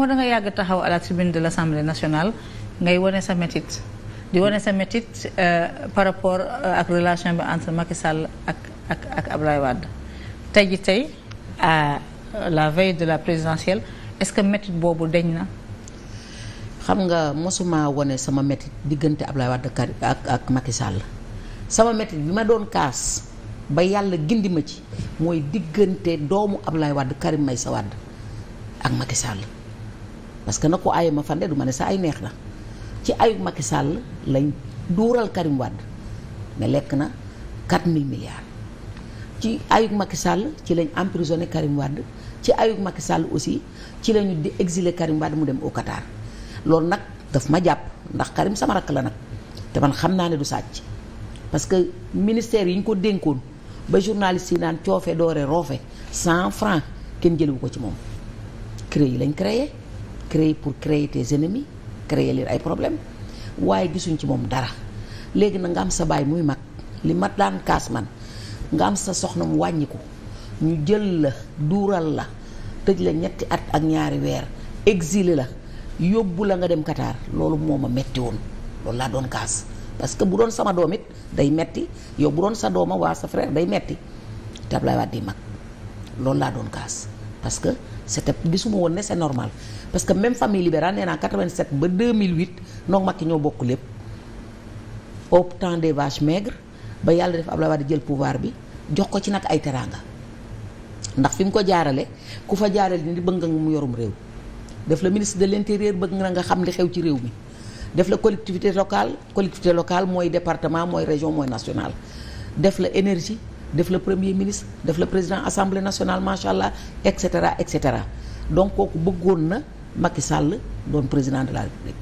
moo da yàgg taxaw à la de l'Assemblée nationale ngay wane sa métit di wane sa métit euh, par rapport euh, ak relation bi entre Macky Sall ak ak ak Abdoulaye Wade ji tey à euh, la veille de la présidentielle est-ce que métit boobu deñ na xam nga mosuma wane sama métit diggante Abdoulaye Wade ak ak Macky sama métit bi ma doon kaas ba yàlla gindi ma ci mooy diggante doomu Abdoulaye Wade Karim Meïssa Wade ak Macky parce que na ko aaye ma fande du ma ne sa ay neex na ci ayu Macky Sall lañ duural Karim Wade mais lekk na 4000 milliards ci ayug Macky Sall ci lañ emprisonné Karim Wade ci ayug Macky Sall aussi ci lañu di exilé Karim Wade mu dem au Qatar loolu nag daf ma jàpp ndax Karim sama rakk la nag te man xam naa ne du sàcc parce que ministère yi ñu ko dénkoon ba journaliste yi naan coofe doore roofe cent franc kenn jëliwu ko ci moom cré yi lañ créé créer pour créer tes ennemis créer leen ay problème waaye gisuñ ci moom dara léegi na nga am sa baay muy mag li mat daan kaas man nga am sa soxna mu wàññiku ñu jël la duural la tëj la ñetti at ak ñaari weer exilé la yóbbu la nga dem Qatar loolu moom a metti woon loolu laa doon kaas parce que bu doon sama doomit day metti yow bu doon sa dooma waa sa frère day metti te Ablaye Wade di mag loolu laa doon kaas parce que c'était gisuma woon ne c'est normal parce que même famille libérale nee naa 87 ba 2008 noog Macky ñoo bokk lépp au temps des vaches maigres ba yàlla def Abdoulaye Wade jël pouvoir bi jox ko ci nag ay teraanga ndax fi mu ko jaarale ku fa jaarale ni bëgg nga mu yorum réew def la ministre de l'intérieur bëgg na nga xam li xew ci réew mi def la collectivité local collectivité local mooy département mooy région mooy nationale def la énergie def la premier ministre def la président assemblée nationale macha allah et cetera et cetera donc kooku bëggoon na Macky Sall doon président de la République.